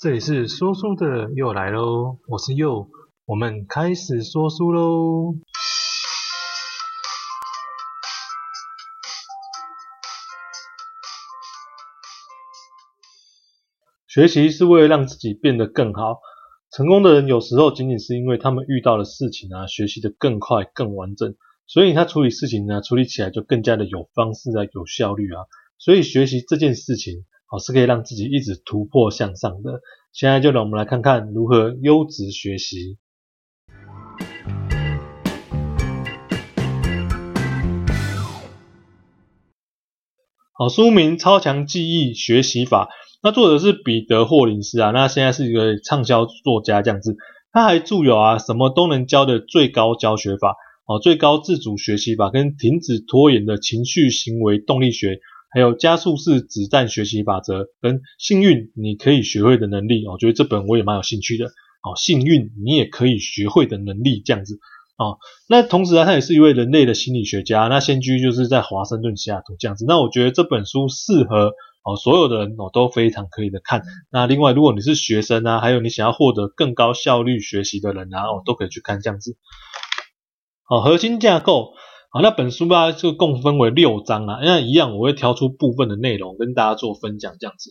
這裡是說書的佑來嘍，我是佑，我們開始說書嘍。學習是為了讓自己變得更好，成功的人有時候僅僅是因為他們遇到的事情啊，學習得更快更完整，所以他處理事情呢，處理起來就更加的有方式啊，有效率啊，所以學習這件事情。好，是可以讓自己一直突破向上的。現在就讓我們來看看如何優質學習。好，書名《超強記憶學習法》，那作者是彼得霍林斯啊。那現在是一個暢銷作家，這樣子。他還著有啊，《什麼都能教的最高教學法》哦，《最高自主學習法》跟《停止拖延的情緒行為動力學》。還有加速式子彈學習法則跟幸運你可以學會的能力，我覺得這本我也蠻有興趣的。哦，幸運你也可以學會的能力這樣子。哦，那同時啊，他也是一位人類的心理學家。那先居就是在華盛頓西雅圖這樣子。那我覺得這本書適合哦，所有的人哦都非常可以的看。那另外，如果你是學生啊，還有你想要獲得更高效率學習的人啊，哦都可以去看這樣子。好、哦，核心架構。好，那本書啊就共分為六章啊，那一樣我會挑出部分的內容跟大家做分享這樣子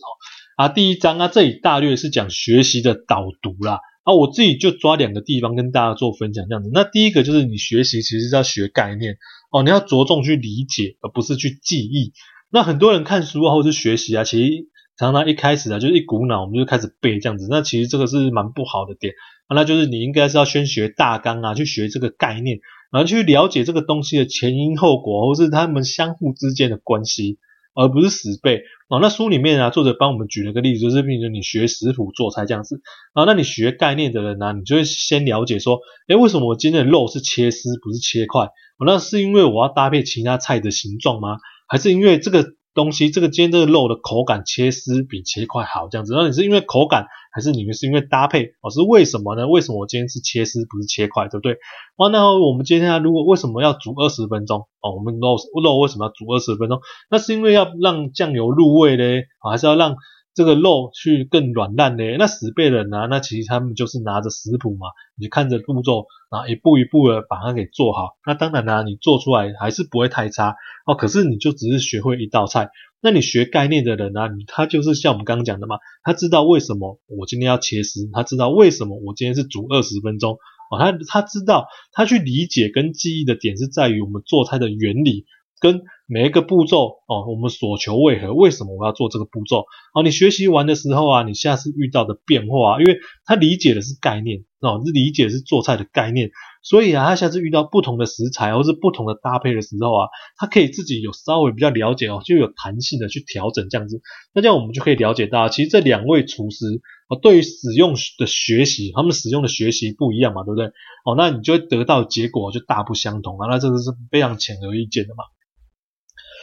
哈、哦。啊，第一章啊，這裡大略是講學習的導讀啦。啊，我自己就抓兩個地方跟大家做分享這樣子。那第一個就是你學習其實是要學概念哦，你要着重去理解而不是去記憶。那很多人看書啊或是學習啊，其實常常一開始啊就是、一股腦我們就開始背這樣子，那其實這個是蠻不好的點。那就是你應該是要先學大綱啊，去學這個概念。然後去了解這個東西的前因後果，或是他們相互之間的關係，而不是死背哦，那書裡面啊，作者幫我們舉了個例子，就是比如說你學食譜做菜這樣子啊、哦，那你學概念的人呢、啊，你就會先了解說，哎，為什麼我今天的肉是切絲不是切塊？哦，那是因為我要搭配其他菜的形狀嗎？還是因為這個？東西這個煎這個肉的口感切絲比切塊好，這樣子。那你是因為口感，還是你們是因為搭配？哦，是為什麼呢？為什麼我今天是切絲不是切塊，對不對？哦、啊，那我們接下來如果為什麼要煮二十分鐘？哦、啊，我們肉肉為什麼要煮二十分鐘？那是因為要讓醬油入味嘞、啊，還是要讓？這個肉去更軟爛咧？那十倍的人啊，那其實他們就是拿着食譜嘛，你看着步驟，一步一步的把它給做好，那當然啦、啊，你做出來還是不會太差哦。可是你就只是學會一道菜，那你學概念的人呢、啊，他就是像我們剛剛講的嘛，他知道為什麼我今天要切絲，他知道為什麼我今天是煮二十分鐘，哦，他他知道他去理解跟記憶的點是在於我們做菜的原理。跟每一個步驟哦，我們所求為何？為什麼我要做這個步驟？好、哦，你學習完的時候啊，你下次遇到的變化、啊，因為他理解的是概念哦，是理解的是做菜的概念，所以啊，他下次遇到不同的食材或是不同的搭配的時候啊，他可以自己有稍微比較了解哦，就有彈性的去調整這樣子。那這樣我們就可以了解到，其實這兩位廚師啊、哦，對於使用的學習，他們使用的學習不一樣嘛，對不對？哦，那你就會得到的結果就大不相同啊，那這個是非常顯而易見的嘛。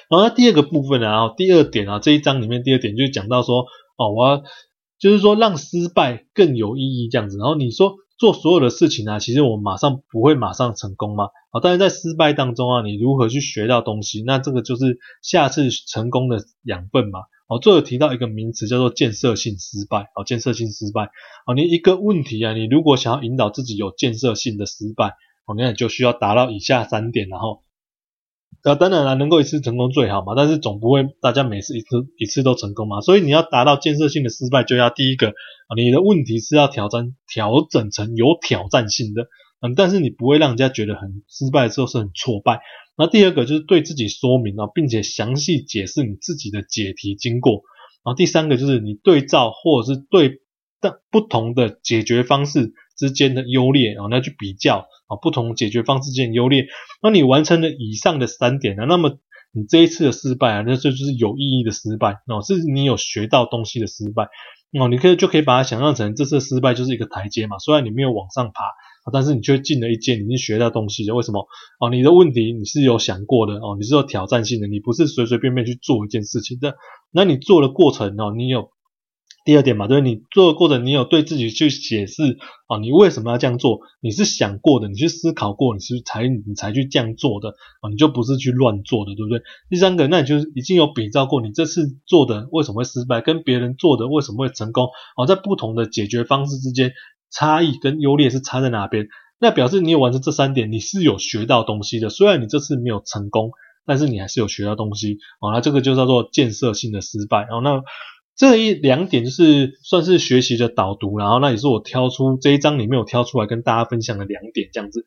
然後那第二個部分呢、啊，然後第二點啊，這一章裡面第二點就講到說，哦，我要，就是說讓失敗更有意義這樣子。然後你說做所有的事情啊，其實我馬上不會馬上成功嘛，好、哦、但是在失敗當中啊，你如何去學到東西？那這個就是下次成功的養分嘛。哦，作者提到一個名詞叫做建設性失敗，哦，建設性失敗。哦，你一個問題啊，你如果想要引導自己有建設性的失敗，哦、那你就需要達到以下三點，然後，那當然啦，能夠一次成功最好嘛，但是總不會大家每次一次一次都成功嘛，所以你要達到建設性的失敗，就要第一個啊，你的問題是要挑戰，調整成有挑戰性的，嗯，但是你不會讓人家覺得很失敗的時候是很挫敗。那第二個就是對自己說明啊，並且詳細解釋你自己的解題經過。然後第三個就是你對照或者是對但不同的解決方式。之間的優劣啊，那去比較啊，不同解決方式之間的優劣。那你完成了以上的三點呢，那麼你這一次的失敗啊，那這就，就是有意義的失敗哦，是你有學到東西的失敗哦，你可以就可以把它想象成這次失敗就是一個台階嘛。雖然你沒有往上爬，但是你卻進了一階，你已經學到東西的。為什麼啊？你的問題你是有想過的哦，你是有挑戰性的，你不是隨隨便便去做一件事情的。那你做的過程哦，你有。第二點嘛，就是你做過的，你有對自己去解釋啊，你為什麼要這樣做？你是想過的，你去思考過，你是才你才去這樣做的啊，你就不是去亂做的，對不對？第三個，那你就已經有比較過，你這次做的為什麼會失敗，跟別人做的為什麼會成功？啊，在不同的解決方式之間差異跟優劣是差在哪邊？那表示你有完成這三點，你是有學到東西的。雖然你這次沒有成功，但是你還是有學到東西好，啊，那這個就叫做建設性的失敗。然後那。這一兩點就是算是學習的導讀，然後那也是我挑出這一章裡面有挑出來跟大家分享的兩點這樣子。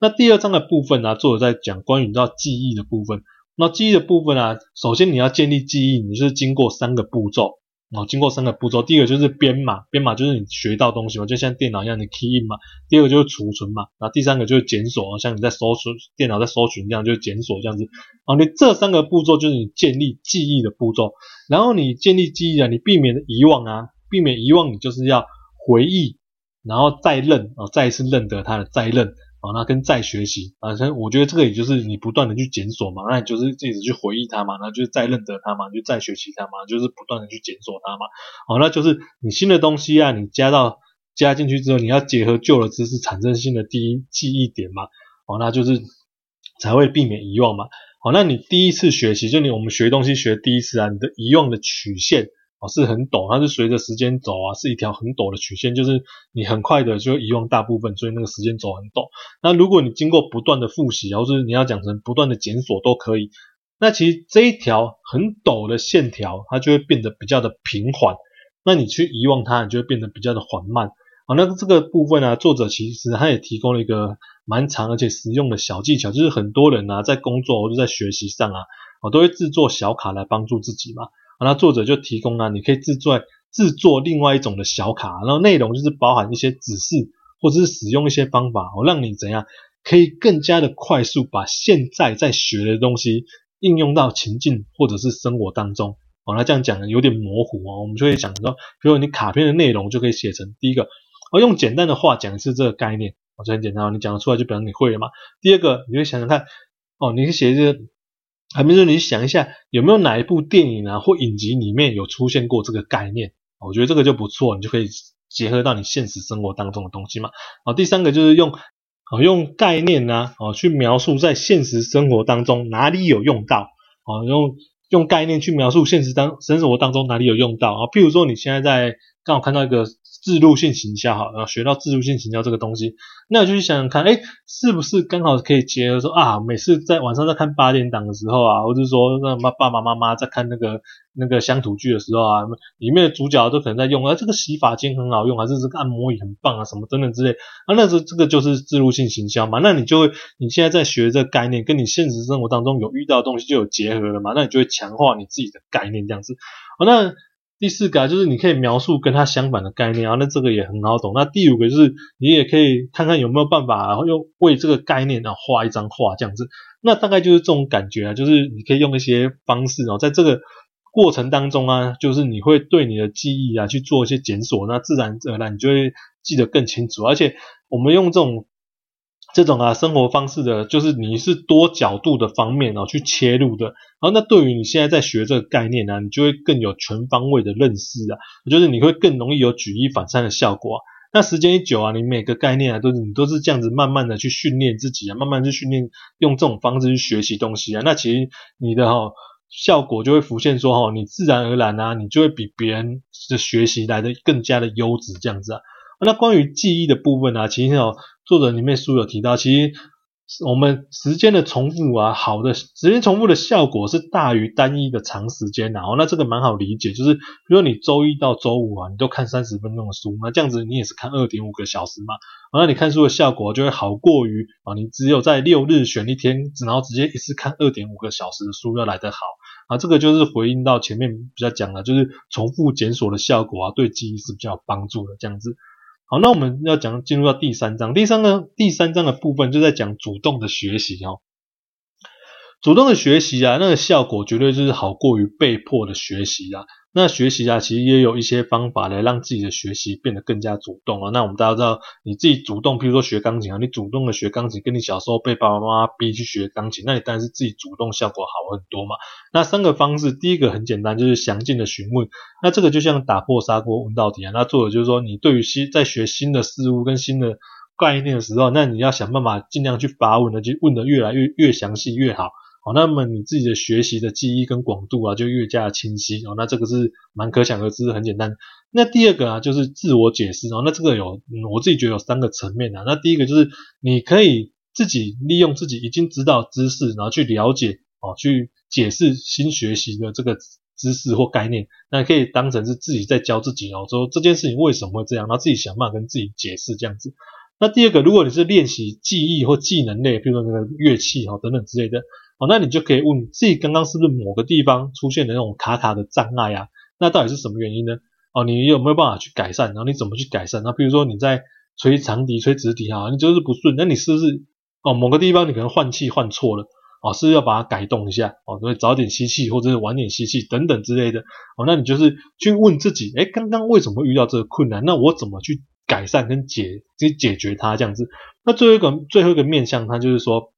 那第二章的部分呢，作者在講關於到記憶的部分。那記憶的部分啊，首先你要建立記憶，你就是經過三個步驟。然後經過三個步驟，第一個就是編碼，編碼就是你學到東西嘛，就像電腦一樣的 key in 嘛。第二個就是儲存嘛，然後第三個就是檢索，像你在搜尋，電腦在搜尋這樣，就是檢索這樣子。然後你這三個步驟就是你建立記憶的步驟，然後你建立記憶啊，你避免遺忘啊，避免遺忘你就是要回憶，然後再認啊，再一次認得它的再認。好、哦，那跟再學習啊，所以我覺得這個也就是你不斷的去檢索嘛，那你就是自己去回憶它嘛，那就是再認得它嘛，就再學習它嘛，就是不斷的去檢索它嘛。好、哦，那就是你新的東西啊，你加到加進去之後，你要結合舊的知識產生新的第一記憶點嘛。好、哦，那就是才會避免遺忘嘛。好、哦，那你第一次學習，就你我們學東西學第一次啊，你的遺忘的曲線，是很陡，它是隨着時間走啊，是一條很陡的曲線，就是你很快的就遺忘大部分，所以那個時間走很陡。那如果你經過不斷的複習，然後是你要講成不斷的檢索都可以，那其實這一條很陡的線條，它就會變得比較的平緩。那你去遺忘它，你就會變得比較的緩慢。好，那這個部分呢，啊，作者其實他也提供了一個蠻長而且實用的小技巧，就是很多人啊在工作或者在學習上啊，我都會制作小卡來幫助自己嘛。那、啊、作者就提供啊，你可以製作製作另外一種的小卡，然後內容就是包含一些指示或者是使用一些方法，哦，讓你怎樣可以更加的快速把現在在學的東西應用到情境或者是生活當中。哦，那、啊、這樣講的有點模糊哦，我們就會講到，比如你卡片的內容就可以寫成第一個，哦，用簡單的話講一次這個概念，哦，就很簡單哦，你講得出來就表示你會了嘛。第二個，你會想想看，哦，你寫一些。還沒說，你想一下有沒有哪一部電影啊或影集裡面有出現過這個概念？我覺得這個就不錯，你就可以結合到你現實生活當中的東西嘛。啊，第三個就是用啊用概念呢啊，啊去描述在現實生活當中哪裡有用到啊，用用概念去描述現實當生活當中哪裡有用到啊？譬如說你現在在剛好看到一個，置入性行銷，哈，然後學到置入性行銷這個東西，那你就去想想看，哎，是不是剛好可以結合說啊，每次在晚上在看八點檔的時候啊，或者說那爸媽爸爸媽媽在看那個那個鄉土劇的時候啊，裡面的主角都可能在用啊，這個洗髮精很好用啊，還是這個按摩椅很棒啊，什麼等等之類，啊，那是這個就是置入性行銷嘛，那你就會你現在在學這個概念，跟你現實生活當中有遇到的東西就有結合了嘛，那你就會強化你自己的概念這樣子，好、哦，那。第四個啊，就是你可以描述跟它相反的概念，啊，那這個也很好懂。那第五個就是你也可以看看有沒有辦法、啊、用為這個概念啊，畫一張畫這樣子，那大概就是這種感覺啊，就是你可以用一些方式哦、啊，在這個過程當中啊，就是你會對你的記憶啊去做一些檢索，那自然而然你就會記得更清楚，而且我們用這種。這種啊生活方式的，就是你是多角度的方面哦去切入的，然後那對於你現在在學這個概念呢、啊，你就會更有全方位的認識啊，就是你會更容易有舉一反三的效果。那時間一久啊，你每個概念啊都是你都是這樣子慢慢的去訓練自己啊，慢慢去訓練用這種方式去學習東西啊，那其實你的哈、哦、效果就會浮現說哈、哦，你自然而然啊，你就會比別人的學習來得更加的優質這樣子啊。那關於記憶的部分呢、啊？其實有作者裡面書有提到，其實我們時間的重複啊，好的時間重複的效果是大於單一的長時間的、啊、哦。那這個蠻好理解，就是比如果你周一到周五啊，你都看三十分鐘的書，那這樣子你也是看二點五個小時嘛、啊。那你看書的效果就會好過於啊，你只有在六日選一天，然後直接一次看二點五個小時的書要來得好啊。這個就是回應到前面比較講的，就是重複檢索的效果啊，對記憶是比較有幫助的這樣子。好，那我們要講進入到第三章，第三個第三章的部分就在講主動的學習哦，主動的學習啊，那個效果絕對就是好過於被迫的學習啊。那學習啊，其實也有一些方法來讓自己的學習變得更加主動啊。那我們大家知道，你自己主動，譬如說學鋼琴啊，你主動的學鋼琴，跟你小時候被爸爸媽媽逼去學鋼琴，那你當然是自己主動，效果好很多嘛。那三個方式，第一個很簡單，就是詳盡的詢問。那這個就像打破砂鍋問到底啊。那作者就是說，你對於新在學新的事物跟新的概念的時候，那你要想辦法盡量去發問的，就問的越來越越詳細越好。好、哦，那麼你自己的學習的記憶跟廣度啊就越加清晰哦。那這個是蠻可想而知，很簡單。那第二個啊，就是自我解釋哦。那這個有、嗯，我自己覺得有三個層面啊。那第一個就是你可以自己利用自己已經知道知識，然後去了解哦，去解釋新學習的這個知識或概念。那可以當成是自己在教自己哦，說這件事情為什麼會這樣，然後自己想辦法跟自己解釋這樣子。那第二個，如果你是練習記憶或技能類，比如說那個樂器哈、哦、等等之類的。哦，那你就可以問自己剛剛是不是某個地方出現的那種卡卡的障礙啊？那到底是什麼原因呢？哦，你有沒有辦法去改善？然後你怎麼去改善？那比如說你在吹長笛、吹直笛哈，你就是不順，那你是不是哦某個地方你可能換氣換錯了哦，是不是要把它改動一下哦，所以早點吸氣或者是晚點吸氣等等之類的哦。那你就是去問自己，哎，剛剛為什麼遇到這個困難？那我怎麼去改善跟解解解決它這樣子？那最後一個最後一個面向它就是說。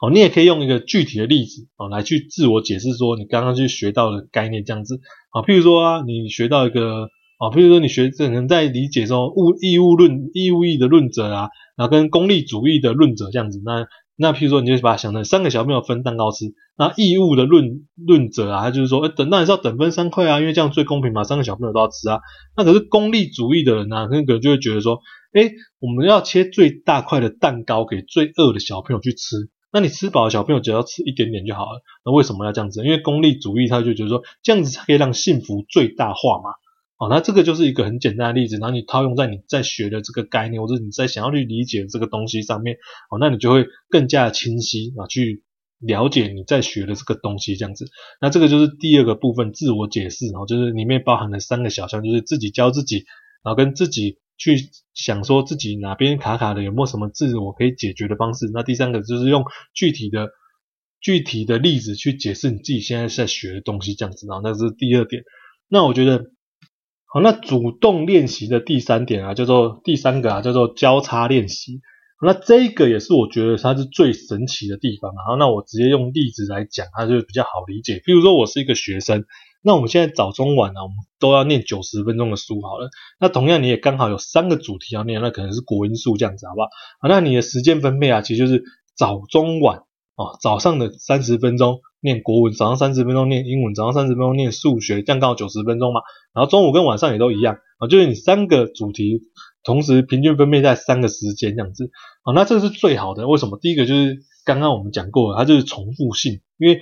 哦，你也可以用一個具體的例子哦，來去自我解釋說你剛剛去學到的概念這樣子。好、哦，譬如說啊，你學到一個啊、哦，譬如說你學可能在理解說物義務論義務意義的論者啊，然後跟功利主義的論者這樣子。那那譬如說你就把它想成三個小朋友分蛋糕吃。那義務的論論者啊，他就是說，哎，等到你是要等分三塊啊，因為這樣最公平嘛，三個小朋友都要吃啊。那可是功利主義的人呢、啊，那個就會覺得說，哎，我們要切最大塊的蛋糕給最餓的小朋友去吃。那你吃飽的小朋友只要吃一點點就好了，那為什麼要這樣子？因為功利主義他就覺得說這樣子才可以讓幸福最大化嘛。哦，那這個就是一個很簡單的例子，然後你套用在你在學的這個概念，或者你在想要去理解的這個東西上面，哦，那你就會更加的清晰啊，去了解你在學的這個東西這樣子。那這個就是第二個部分自我解釋，然後就是裡面包含了三個小項，就是自己教自己，然後跟自己，去想說自己哪邊卡卡的，有沒有什麼自我可以解決的方式？那第三個就是用具體的、具體的例子去解釋你自己現在在學的東西，這樣子啊，那個是第二點。那我覺得好，那主動練習的第三點啊，叫做第三個啊，叫做交叉練習。那這個也是我覺得它是最神奇的地方。然後那我直接用例子來講，它就比較好理解。譬如說我是一個學生。那我們現在早中晚呢、啊，我們都要念九十分鐘的書好了。那同樣你也剛好有三個主題要念，那可能是國英數這樣子，好不好？那你的時間分配啊，其實就是早中晚啊，早上的三十分鐘念國文，早上三十分鐘念英文，早上三十分鐘念數學，這樣剛好九十分鐘嘛。然後中午跟晚上也都一樣啊，就是你三個主題同時平均分配在三個時間這樣子。好，那這是最好的。為什麼？第一個就是剛剛我們講過的，它就是重複性，因為。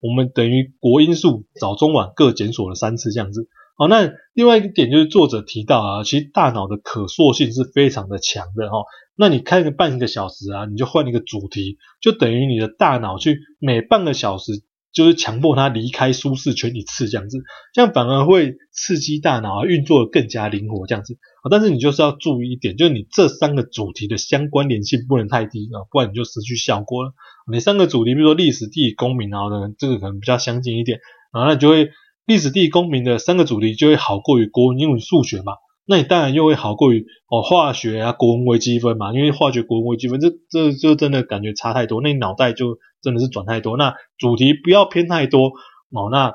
我們等於國因素早中晚各檢索了三次這樣子。好，那另外一個點就是作者提到啊，其實大腦的可塑性是非常的強的哈、哦。那你看個半個小時啊，你就換一個主題，就等於你的大腦去每半個小時。就是強迫他離開舒適圈一次，這樣子，這樣反而會刺激大腦啊運作的更加靈活，這樣子啊。但是你就是要注意一點，就是你這三個主題的相關聯性不能太低啊，不然你就失去效果了。哪三個主題？比如說歷史、地理、公民啊，這個可能比較相近一點啊，那就會歷史、地理、公民的三個主題就會好過於國文，因為數學嘛，那你當然又會好過於哦化學啊、國文微積分嘛，因為化學、國文微積分這這就真的感覺差太多，那你腦袋就。真的是轉太多，那主題不要偏太多哦。那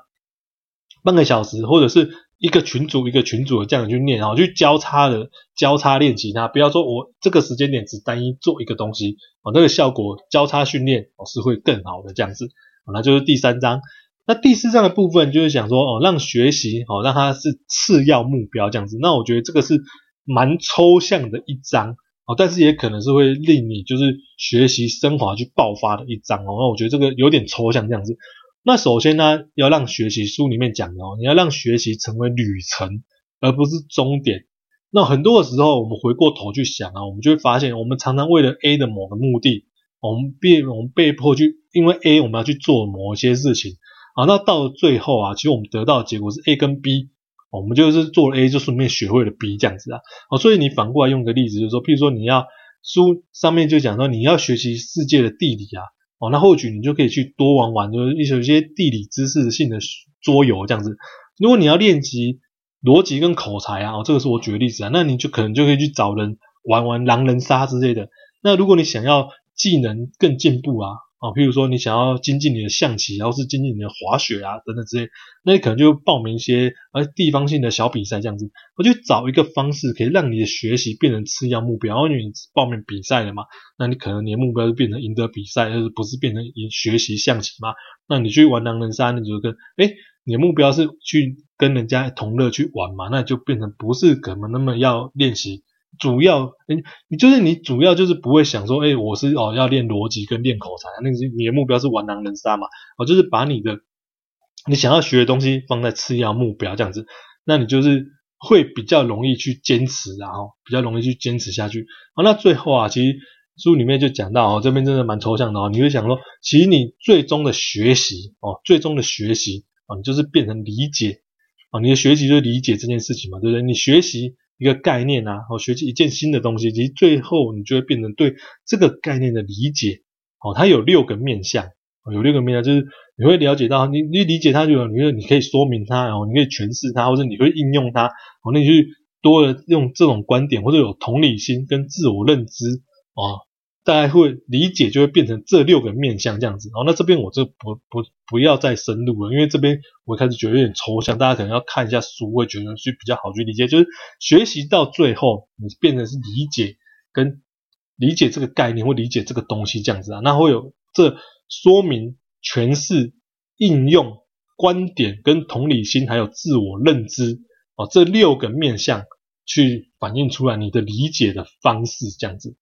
半個小時或者是一個群組一個群組的這樣去練，然後去交叉的交叉練習它。不要說我這個時間點只單一做一個東西哦，那個效果交叉訓練哦是會更好的這樣子。好，那就是第三章。那第四章的部分就是想說哦，讓學習哦讓它是次要目標這樣子。那我覺得這個是蠻抽象的一章。啊，但是也可能是會令你就是學習升華去爆發的一張哦。那我覺得這個有點抽象這樣子。那首先呢，要讓學習書裡面講的哦，你要讓學習成為旅程，而不是終點。那很多的時候，我們回過頭去想啊，我們就會發現，我們常常為了 A 的某個目的，我們被我們被迫去因為 A 我們要去做某一些事情啊。那到了最後啊，其實我們得到的結果是 A 跟 B。我們就是做了 A，就順便學會了 B 這樣子啊。所以你反過來用個例子，就是說，譬如說你要書上面就講說你要學習世界的地理啊，哦，那或許你就可以去多玩玩，就是一些地理知識性的桌遊這樣子。如果你要練習邏輯跟口才啊，哦，這個是我舉的例子啊，那你就可能就可以去找人玩玩狼人殺之類的。那如果你想要技能更進步啊。哦，譬如說你想要精進你的象棋，然後是精進你的滑雪啊等等之類，那你可能就報名一些呃、啊、地方性的小比賽這樣子，我就找一個方式可以讓你的學習變成次要目標，哦、因為你報名比賽了嘛，那你可能你的目標就變成贏得比賽，而不是變成贏學習象棋嘛。那你去玩狼人殺，那你就跟，哎、欸，你的目標是去跟人家同樂去玩嘛，那就變成不是怎麼那麼要練習。主要，你你就是你主要就是不會想說，哎，我是哦要練邏輯跟練口才，那是你的目標是玩狼人殺嘛，哦，就是把你的你想要學的東西放在次要目標這樣子，那你就是會比較容易去堅持、啊，哦，然後比較容易去堅持下去，好、哦，那最後啊，其實書裡面就講到哦，這邊真的蠻抽象的哦，你會想說，其實你最終的學習哦，最終的學習哦，你就是變成理解啊、哦，你的學習就是理解這件事情嘛，對不對？你學習。一個概念啊，哦，學習一件新的東西，其實最後你就會變成對這個概念的理解。哦，它有六個面向，有六個面向，就是你會了解到，你你理解它，就有，你會你可以說明它，然後你可以詮釋它，或者你會應用它。那你去多了用這種觀點，或者有同理心跟自我認知啊。大家會理解，就會變成這六個面向這樣子哦。那這邊我就不不不，不要再深入了，因為這邊我開始覺得有點抽象，大家可能要看一下書，會覺得去比較好去理解。就是學習到最後，你變成是理解跟理解這個概念，或理解這個東西這樣子啊。那會有這說明、詮釋、應用、觀點、跟同理心，還有自我認知啊、哦，這六個面向去反映出來你的理解的方式這樣子。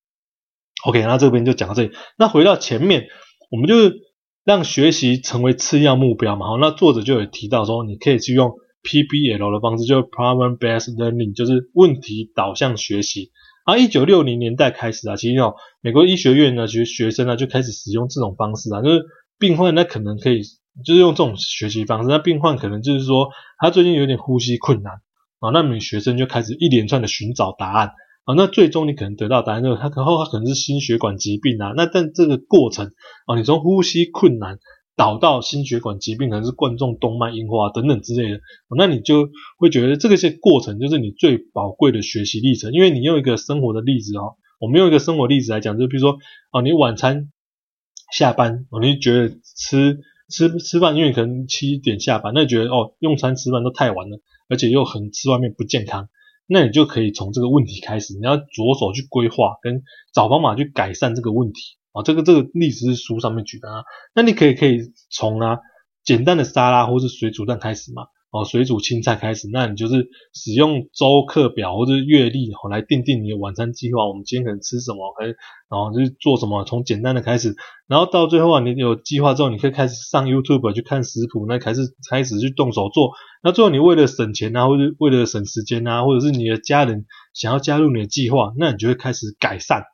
OK，那這邊就講到這裡。那回到前面，我們就是讓學習成為次要目標嘛。好，那作者就有提到說，你可以去用 PBL 的方式，就是 Problem-Based Learning，就是問題導向學習。啊，一九六零年代開始啊，其實有、哦、美國醫學院呢學學生呢就開始使用這種方式啊，就是病患那可能可以就是用這種學習方式，那病患可能就是說他最近有點呼吸困難，啊，那名學生就開始一連串的尋找答案。啊、哦，那最終你可能得到答案就是，他可能他可能是心血管疾病啊。那但這個過程啊、哦，你從呼吸困難導到心血管疾病，可能是冠狀動脈硬化、啊、等等之類的、哦。那你就會覺得這個些過程就是你最寶貴的學習歷程，因為你用一個生活的例子哦，我們用一個生活例子來講，就比、是、如說啊、哦，你晚餐下班，哦、你覺得吃吃吃飯，因為可能七點下班，那你覺得哦，用餐吃飯都太晚了，而且又很吃外面不健康。那你就可以從這個問題開始，你要着手去規劃跟找方法去改善這個問題啊。這個這個歷史書上面舉的啊，那你可以可以從啊簡單的沙拉或是水煮蛋開始嘛。哦，水煮青菜開始，那你就是使用週課表或者月曆哦來定定你的晚餐計劃。我們今天可能吃什麼，可以然後就是做什麼，從簡單的開始，然後到最後啊，你有計劃之後，你可以開始上 YouTube 去看食譜，那開始開始去動手做。那最後你為了省錢啊，或者為了省時間啊，或者是你的家人想要加入你的計劃，那你就會開始改善，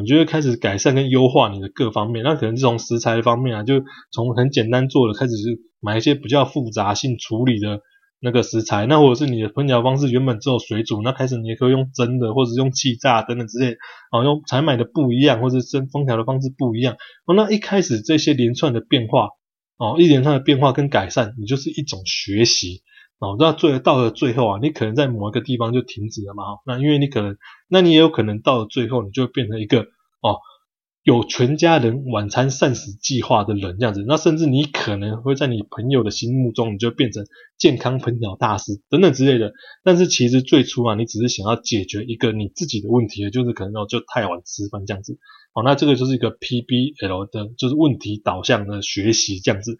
你就會開始改善跟優化你的各方面。那可能是從食材方面啊，就從很簡單做的開始買一些比較複雜性處理的那個食材，那或者是你的烹調方式原本只有水煮，那開始你也可以用蒸的，或者用氣炸等等之類，哦，用採買的不一樣，或者蒸烹調的方式不一樣，哦，那一開始這些連串的變化，哦，一連串的變化跟改善，你就是一種學習，哦，那最到了最後啊，你可能在某一個地方就停止了嘛，那因為你可能，那你也有可能到了最後你就變成一個哦。有全家人晚餐膳食計劃的人，這樣子，那甚至你可能會在你朋友的心目中，你就變成健康烹調大師等等之類的。但是其實最初啊，你只是想要解決一個你自己的問題，就是可能就太晚吃飯這樣子。好，那這個就是一個 PBL 的，就是問題導向的學習這樣子。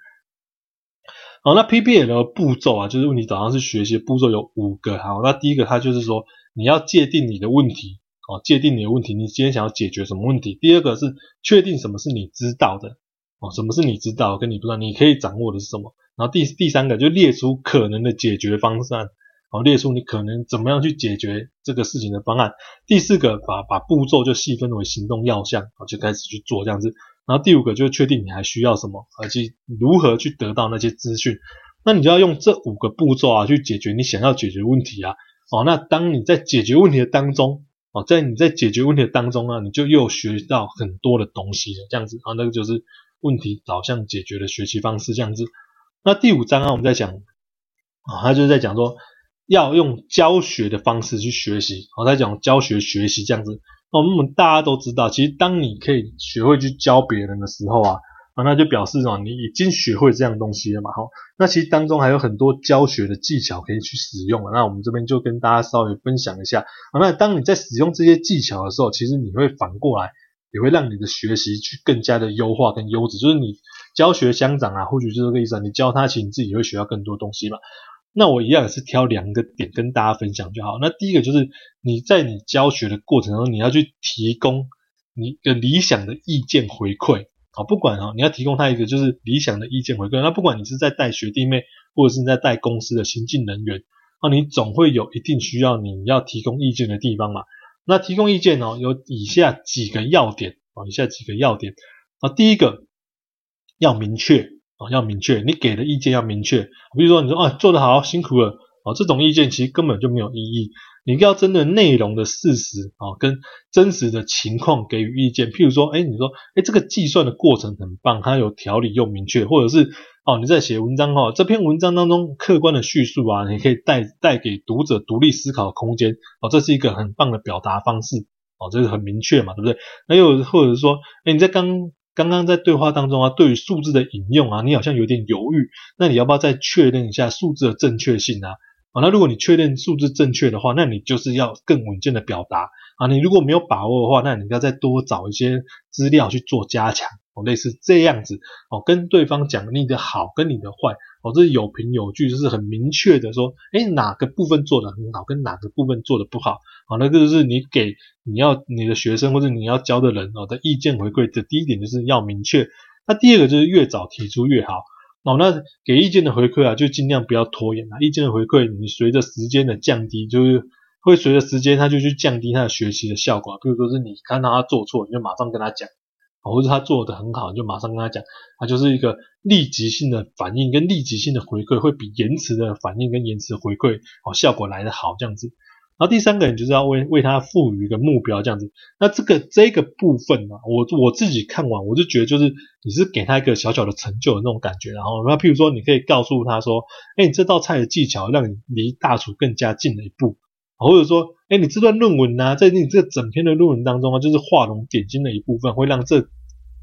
好，那 PBL 的步驟啊，就是問題導向式學習的步驟有五個。好，那第一個它就是說，你要界定你的問題。啊，界定你的問題，你今天想要解決什麼問題？第二個是確定什麼是你知道的哦，什麼是你知道的跟你不知道，你可以掌握的是什麼？然後第第三個就列出可能的解決方案，哦，列出你可能怎麼樣去解決這個事情的方案。第四個把把步驟就細分為行動要項，然後就開始去做這樣子。然後第五個就確定你還需要什麼，而且如何去得到那些資訊。那你就要用這五個步驟啊去解決你想要解決問題啊。哦，那當你在解決問題的當中。哦，在你在解決問題的當中啊，你就又學到很多的東西了，這樣子啊，那個就是問題導向解決的學習方式，這樣子。那第五章啊，我們在講啊，他就是在講說要用教學的方式去學習，哦，他講教學學習這樣子。那我們大家都知道，其實當你可以學會去教別人的時候啊。啊，那就表示什麼，你已經學會這樣東西了嘛，哈。那其實當中還有很多教學的技巧可以去使用了。那我們這邊就跟大家稍微分享一下。啊，那當你在使用這些技巧的時候，其實你會反過來，也會讓你的學習去更加的優化跟優質。就是你教學相長啊，或許就是這個意思啊。你教他，其實你自己也會學到更多東西嘛。那我一樣也是挑兩個點跟大家分享就好。那第一個就是你在你教學的過程中，你要去提供你的理想的意見回饋。好，不管啊、哦，你要提供他一個就是理想的意見回饋。那不管你是在帶學弟妹，或者是你在帶公司的新進人員，啊，你總會有一定需要你要提供意見的地方嘛。那提供意見哦，有以下幾個要點哦，以下幾個要點啊，第一個要明確啊，要明確哦，你給的意見要明確。比如說你說啊，做得好，辛苦了。哦，這種意見其實根本就沒有意義。你要針對內容的事實啊，哦，跟真實的情況給予意見。譬如說，欸，你說，欸，這個計算的過程很棒，它有條理又明確，或者是，哦，你在寫文章哦，這篇文章當中客觀的敘述啊，你可以帶帶給讀者獨立思考的空間。哦，這是一個很棒的表達方式。哦，這是很明確嘛，對不對？還有，或者是說，欸，你在剛剛剛在對話當中啊，對於數字的引用啊，你好像有點猶豫，那你要不要再確認一下數字的正確性啊？好、哦、那如果你確認數字正確的話，那你就是要更穩健的表達啊。你如果沒有把握的話，那你應該再多找一些資料去做加強哦，類似這樣子哦，跟對方講你的好跟你的壞哦，這、就是有憑有據，就是很明確的說，哎、欸，哪個部分做的很好，跟哪個部分做的不好好、哦、那個就是你給你要你的學生或者你要教的人哦的意見回饋的第一點，就是要明確。那、啊、第二個就是越早提出越好。哦，那給意見的回饋啊，就盡量不要拖延了。意見的回饋，你隨着時間的降低，就是會隨着時間，它就去降低它的學習的效果。比如說是你看到他做錯，你就馬上跟他講，或者他做的很好，你就馬上跟他講。它就是一個立即性的反應跟立即性的回饋，會比延遲的反應跟延遲回饋哦，效果來得好，這樣子。然後第三個人就是要為為他賦予一個目標，這樣子。那這個這個部分呢、啊，我我自己看完，我就覺得就是你是給他一個小小的成就的那種感覺。然後，那譬如說，你可以告訴他說：“哎，你這道菜的技巧讓你離大廚更加近了一步。”或者說：“哎，你這段論文呢、啊，在你這整篇的論文當中啊，就是畫龍點睛的一部分，會讓這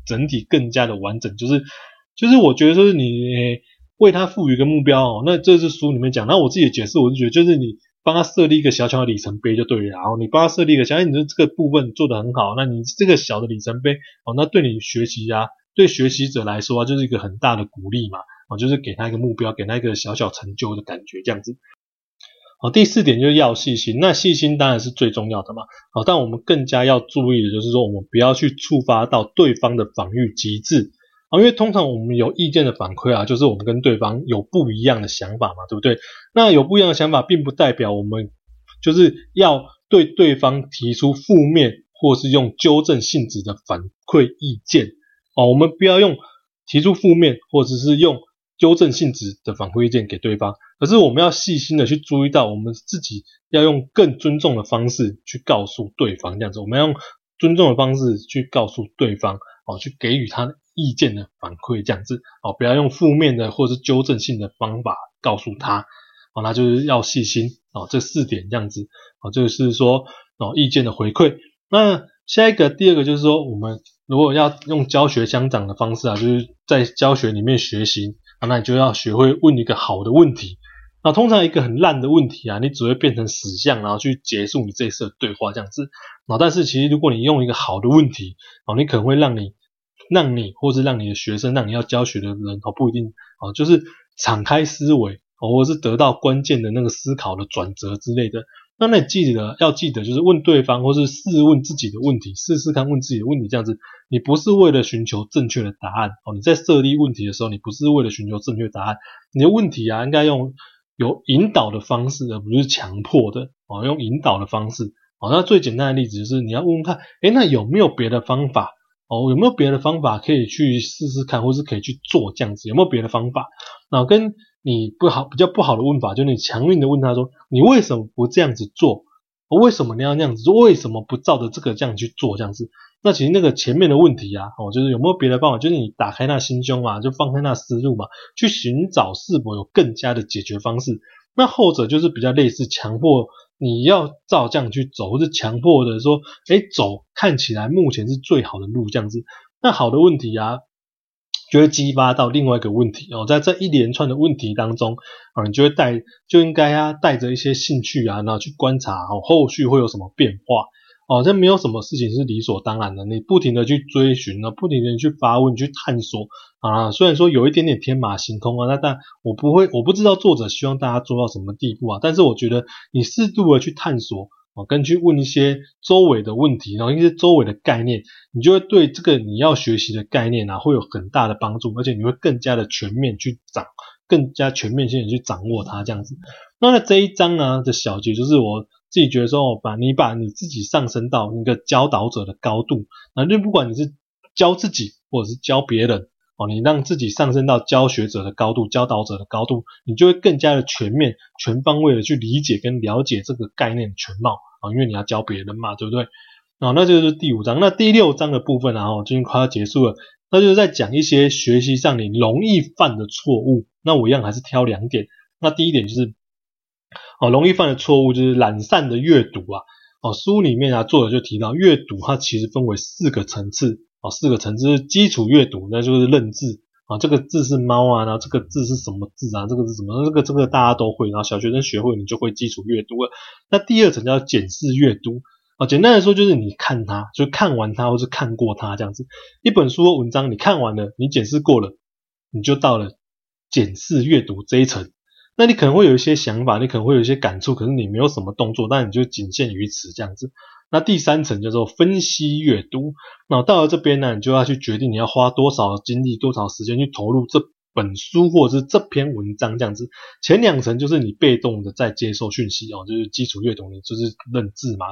整體更加的完整。”就是就是我覺得就是你，哎，為他賦予一個目標。那這是書裡面講，然後我自己的解釋，我就覺得就是你。幫他設立一個小小的里程碑就對了，然後你幫他設立一個想說你的這個部分做得很好，那你這個小的里程碑，哦，那對你學習啊，對學習者來說啊，就是一個很大的鼓勵嘛，哦，就是給他一個目標，給他一個小小成就的感覺，這樣子。好，第四點就是要細心，那細心當然是最重要的嘛，好，但我們更加要注意的就是說，我們不要去觸發到對方的防御機制。啊，因為通常我們有意見的反饋啊，就是我們跟對方有不一樣的想法嘛，對不對？那有不一樣的想法，並不代表我們就是要對對方提出負面或是用糾正性質的反饋意見哦，我們不要用提出負面或者是用糾正性質的反饋意見給對方，可是我們要細心的去注意到，我們自己要用更尊重的方式去告訴對方這樣子，我們要用尊重的方式去告訴對方，哦、啊，去給予他。意見的反饋這樣子哦，不要用負面的或者是糾正性的方法告訴他哦，那就是要細心哦，這四點這樣子哦，這個就是說哦，意見的回饋。那下一個第二個就是說，我們如果要用教學相長的方式啊，就是在教學裡面學習啊，那你就要學會問一個好的問題。那通常一個很爛的問題啊，你只會變成死相，然後去結束你這一次的對話這樣子。那、哦、但是其實如果你用一個好的問題哦，你可能會讓你。讓你，或是讓你的學生，讓你要教學的人哦，不一定哦，就是敞開思維哦，或是得到關鍵的那個思考的轉折之類的。那你記得要記得，就是問對方或是試問自己的問題，試試看問自己的問題這樣子。你不是為了尋求正確的答案哦，你在設立問題的時候，你不是為了尋求正確的答案。你的問題啊，應該用有引導的方式，而不是強迫的哦。用引導的方式哦。那最簡單的例子就是你要問問看，哎，那有沒有別的方法？哦，有沒有別的方法可以去試試看，或是可以去做這樣子？有沒有別的方法？然後跟你不好，比較不好的問法，就是你強硬的問他說：說你為什麼不這樣子做？哦、為什麼你要那樣子？為什麼不照着這個這樣子去做這樣子？那其實那個前面的問題啊，哦，就是有沒有別的方法？就是你打開那心胸嘛、啊，就放開那思路嘛，去尋找是否有更加的解決方式。那後者就是比較類似強迫。你要照這樣去走，或者強迫的說，哎、欸，走看起來目前是最好的路這樣子。那好的問題啊，就會激發到另外一個問題哦。在這一連串的問題當中，啊，你就會帶就應該啊，帶着一些興趣啊，然後去觀察哦，後續會有什麼變化。好、哦，這沒有什麼事情是理所當然的。你不停的去追尋呢，不停的去發問、去探索啊。雖然說有一點點天馬行空啊，那但我不會，我不知道作者希望大家做到什麼地步啊。但是我覺得你適度的去探索啊，跟去問一些周圍的問題，然後一些周圍的概念，你就會對這個你要學習的概念啊，會有很大的幫助，而且你會更加的全面去掌，更加全面性的去掌握它這樣子。那這一章啊的小結就是我自己覺得說，哦，把你把你自己上升到一個教導者的高度，那就不管你是教自己或者是教別人，哦，你讓自己上升到教學者的高度、教導者的高度，你就會更加的全面、全方位的去理解跟了解這個概念的全貌啊，因為你要教別人嘛，對不對？哦，那這就是第五章，那第六章的部分呢、啊，哦，今天快要結束了，那就是在講一些學習上你容易犯的錯誤，那我一樣還是挑兩點，那第一點就是。好、哦，容易犯的錯誤就是懶散的閱讀啊！哦，書裡面啊，作者就提到閱讀，它其實分為四個層次哦，四個層次：就是、基礎閱讀，那就是認字啊、哦，這個字是貓啊，然後這個字是什麼字啊？這個是什麼？這個這個大家都會，然後小學生學會你就會基礎閱讀了。那第二層叫檢視閱讀啊、哦，簡單的說就是你看它，就看完它或是看過它這樣子。一本書的文章你看完了，你檢視過了，你就到了檢視閱讀這一層。那你可能會有一些想法，你可能會有一些感觸，可是你沒有什麼動作，那你就僅限於此這樣子。那第三層叫做分析閱讀，那、哦、到了這邊呢，你就要去決定你要花多少精力、多少時間去投入這本書或者是這篇文章這樣子。前兩層就是你被動的在接受訊息哦，就是基礎閱讀，你就是認字嘛。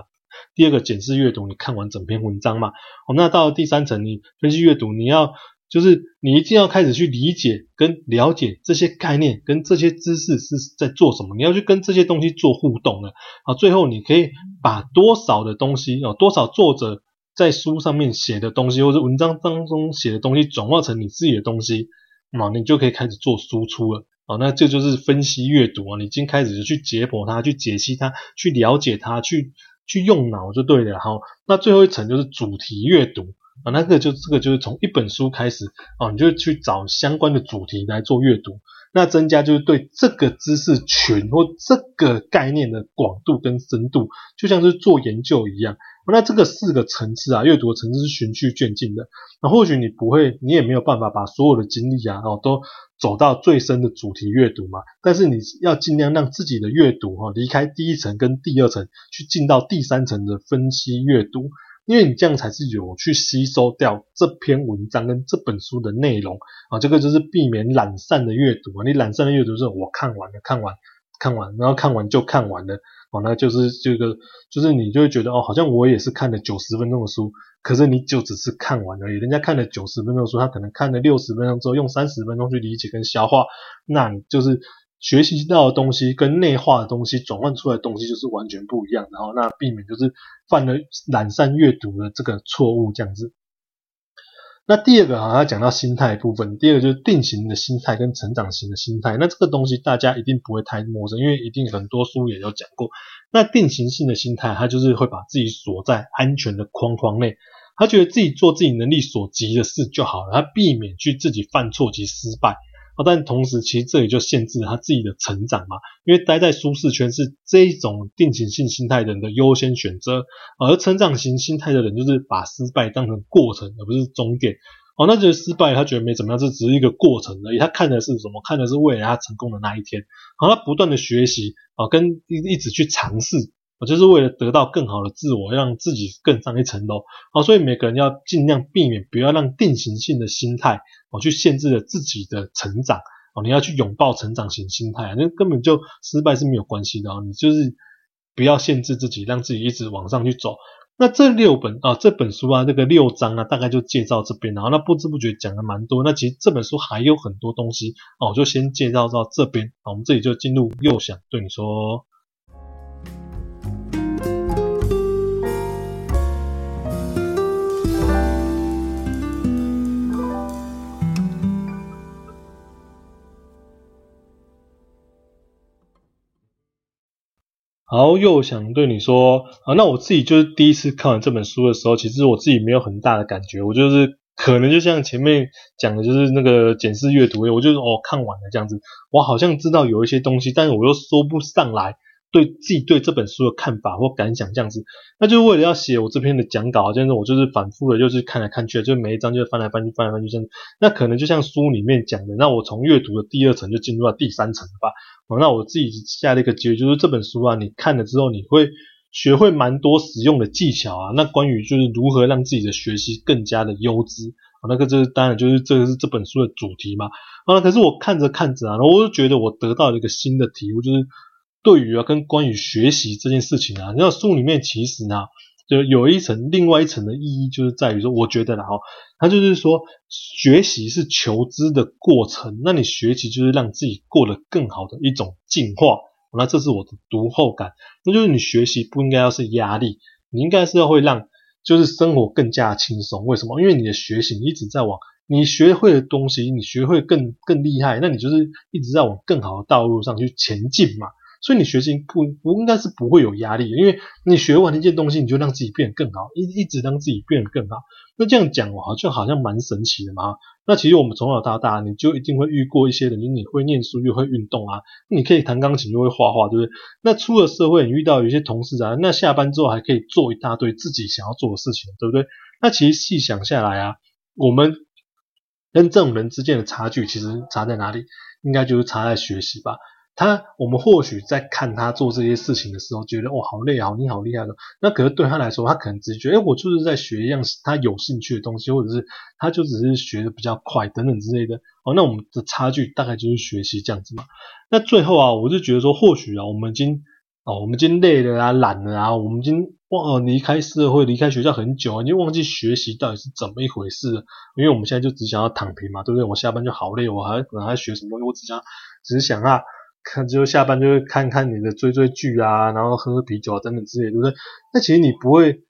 第二個檢視閱讀，你看完整篇文章嘛。好、哦，那到了第三層，你分析閱讀，你要。就是你一定要開始去理解跟了解這些概念跟這些知識是在做什麼，你要去跟這些東西做互動的啊。最後你可以把多少的東西哦，多少作者在書上面寫的東西或者文章當中寫的東西轉化成你自己的東西，啊，你就可以開始做輸出了啊。那這就是分析閱讀啊，你已經開始去解剖它、去解析它、去了解它、去去用腦就對了哈。那最後一層就是主題閱讀。啊，那個就這個就是從一本書開始啊，你就去找相關的主題來做閱讀，那增加就是對這個知識群或這個概念的廣度跟深度，就像是做研究一樣。那這個四個層次啊，閱讀的層次是循序漸進的。那、啊、或許你不會，你也沒有辦法把所有的精力啊，啊都走到最深的主題閱讀嘛，但是你要盡量讓自己的閱讀哈、啊、離開第一層跟第二層，去進到第三層的分析閱讀。因為你這樣才是有去吸收掉這篇文章跟這本書的內容啊，這個就是避免懶散的閱讀啊。你懶散的閱讀、就是，我看完了，看完，看完，然後看完就看完了，哦、啊，那就是這個、就是，就是你就會覺得哦，好像我也是看了九十分鐘的書，可是你就只是看完而已。人家看了九十分鐘的書，他可能看了六十分鐘之後，用三十分鐘去理解跟消化，那你就是。學習到的東西跟內化的東西轉換出來的東西就是完全不一樣，哦，然後那避免就是犯了懶散閱讀的這個錯誤這樣子。那第二個啊，他講到心態的部分，第二個就是定型的心態跟成長型的心態。那這個東西大家一定不會太陌生，因為一定很多書也有講過。那定型性的心態，他就是會把自己鎖在安全的框框內，他覺得自己做自己能力所及的事就好了，他避免去自己犯錯及失敗。啊，但同時其實這裡就限制了他自己的成長嘛，因為待在舒適圈是這一種定型性心態的人的優先選擇，而成長型心態的人就是把失敗當成過程而不是終點，哦，那就失敗他覺得沒怎麼樣，這只是一個過程而已，他看的是什麼？看的是未來他成功的那一天，好，他不斷的學習，啊，跟一一直去嘗試。我就是為了得到更好的自我，讓自己更上一層樓。好、哦，所以每個人要儘量避免，不要讓定型性的心態哦，去限制了自己的成長哦。你要去擁抱成長型心態，那根本就失敗是沒有關係的。你就是不要限制自己，讓自己一直往上去走。那這六本啊、哦，這本書啊，那個六章啊，大概就介紹這邊。然後那不知不覺講了蠻多。那其實這本書還有很多東西哦，我就先介紹到這邊。我們這裡就進入佑想對你說。然後又想對你說啊，那我自己就是第一次看完這本書的時候，其實我自己沒有很大的感覺，我就是可能就像前面講的，就是那個檢視閱讀，我就是、哦看完了這樣子，我好像知道有一些東西，但是我又說不上來。對自己對這本書的看法或感想，這樣子，那就為了要寫我這篇的講稿，這樣子我就是反覆的，就是看來看去，就每一章就翻來翻去，翻來翻去，這樣。那可能就像書裡面講的，那我從閱讀的第二層就進入到第三層了吧？好，那我自己下了一個結局就是這本書啊，你看了之後，你會學會蠻多實用的技巧啊。那關於就是如何讓自己的學習更加的優質。好，那個這當然就是這個是這本書的主題嘛。啊，可是我看着看着啊，我就覺得我得到了一個新的題目，就是。對於啊，跟關於學習這件事情啊，那書裡面其實呢，就有一層另外一層的意義，就是在於說，我覺得啦哈、哦，他就是說，學習是求知的過程，那你學習就是讓自己過得更好的一種進化，那這是我的讀後感。那就是你學習不應該要是壓力，你應該是要會讓就是生活更加輕鬆。為什麼？因為你的學習一直在往你學會的東西，你學會更更厲害，那你就是一直在往更好的道路上去前進嘛。所以你學習不不應該是不會有壓力，因為你學完一件東西，你就讓自己變得更好，一一直讓自己變得更好。那這樣講，我好像好像蠻神奇的嘛。那其實我們從小到大，你就一定會遇過一些人，你你會念書又會運動啊，你可以彈鋼琴又會畫畫，對不對？那出了社會，你遇到有些同事啊，那下班之後還可以做一大堆自己想要做的事情，對不對？那其實細想下來啊，我們跟這種人之間的差距，其實差在哪裡？應該就是差在學習吧。他，我們或許在看他做這些事情的時候，覺得哦，好累啊，你好，好厲害的。那可是對他來說，他可能只是覺得，哎，我就是在學一樣他有興趣的東西，或者是他就只是學的比較快等等之類的。哦，那我們的差距大概就是學習這樣子嘛。那最後啊，我就覺得說，或許啊，我們已經、哦、我們已經累了啊，懶了啊，我們已經忘、哦、離開社會、離開學校很久啊，已經忘記學習到底是怎麼一回事了。因為我們現在就只想要躺平嘛，對不對？我下班就好累，我還我還學什麼東西？我只想只想啊。看就下班就會看看你的追追劇啊，然後喝喝啤酒啊等等之類的，對不對？那其實你不會，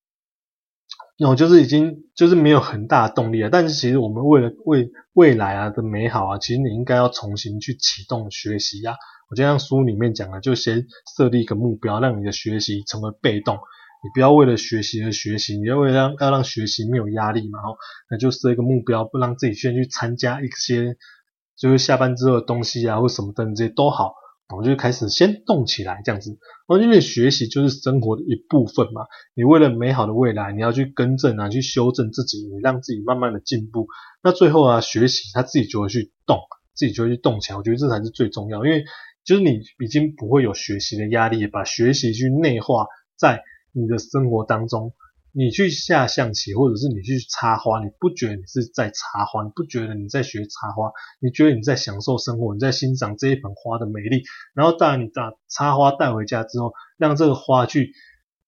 有、哦、就是已經就是沒有很大的動力了。但是其實我們為了為未來啊的美好啊，其實你應該要重新去啟動學習呀、啊。我就像書裡面講的，就先設立一個目標，讓你的學習成為被動。你不要為了學習而學習，你要為了讓要讓學習沒有壓力嘛。然後那就設一個目標，不讓自己先去參加一些就是下班之後的東西啊或什麼等等這些都好。我就開始先動起來這樣子，因為學習就是生活的一部分嘛，你為了美好的未來，你要去更正啊，去修正自己，你讓自己慢慢的進步，那最後啊，學習他自己就會去動，自己就會去動起來，我覺得這才是最重要，因為就是你已經不會有學習的壓力，把學習去內化在你的生活當中。你去下象棋，或者是你去插花，你不覺得你是在插花，你不覺得你在學插花，你覺得你在享受生活，你在欣賞這一盆花的美麗。然後，當你把插花帶回家之後，讓這個花去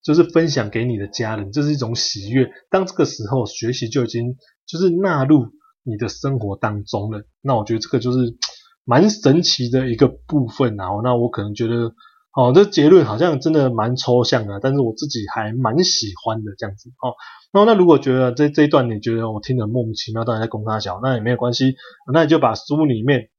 就是分享給你的家人，這是一種喜悅。當這個時候，學習就已經就是納入你的生活當中了。那我覺得這個就是蠻神奇的一個部分啊。那我可能覺得。哦，這結論好像真的蠻抽象的，但是我自己還蠻喜歡的這樣子。哦，那那如果覺得這這一段你覺得我聽的莫名其妙，當然在公三小，那也沒有關係。那你就把書裡面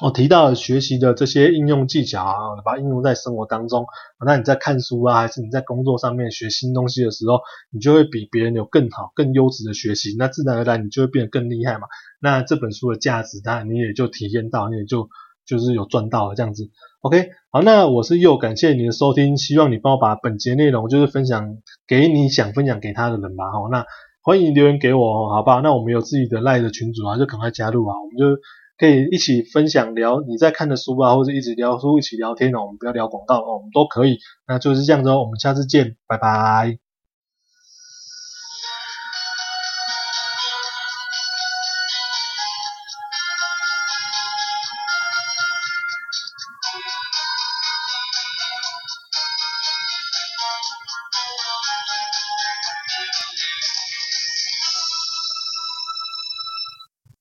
我、哦、提到了學習的這些應用技巧，把它應用在生活當中、哦。那你在看書啊，還是你在工作上面學新東西的時候，你就會比別人有更好、更優質的學習。那自然而然你就會變得更厲害嘛。那這本書的價值，當然你也就體驗到，你也就。就是有賺到了這樣子，OK，好，那我是佑，感謝你的收聽，希望你幫我把本節內容就是分享給你想分享給他的人吧，好，那歡迎留言給我，好不好？那我們有自己的 LINE 的群組啊，就趕快加入啊，我們就可以一起分享聊你在看的書啊，或者一直聊書一起聊天哦，我們不要聊廣告哦，我們都可以，那就是這樣子哦，我們下次見，拜拜。